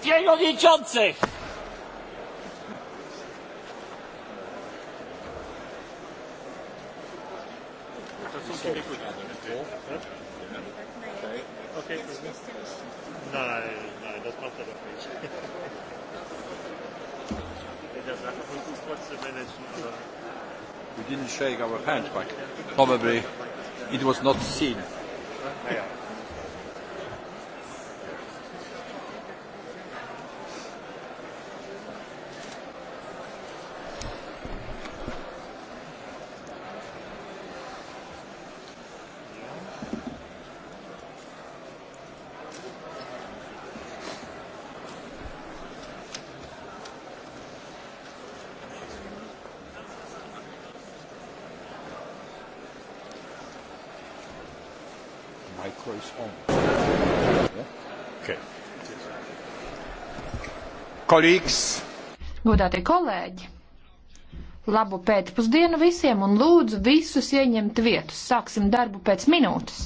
przewodniczących! Nein, nein, das macht er doch nicht. Der Sache versucht es trotzdem managen, aber. We didn't shake our hand, but probably it was not seen. Naja. micro is on. Yeah? Okay. Kolīgs. Godātie kolēģi, labu pēcpusdienu visiem un lūdzu visus ieņemt vietas. Sāksim darbu pēc minūtes.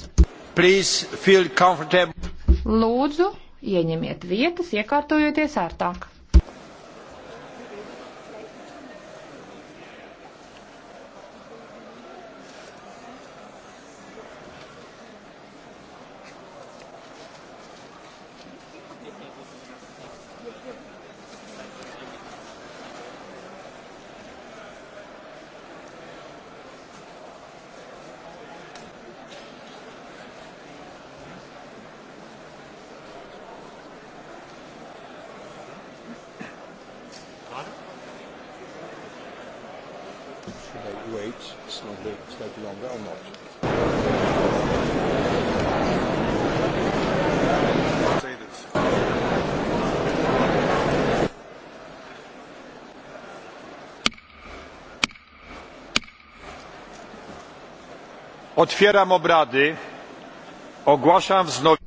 Please feel comfortable. Lūdzu, ieņemiet vietas, iekārtojoties ērtāk. Should I wait slightly, slightly longer or not? Say this. Otwieram obrady. Ogłaszam wznowienie.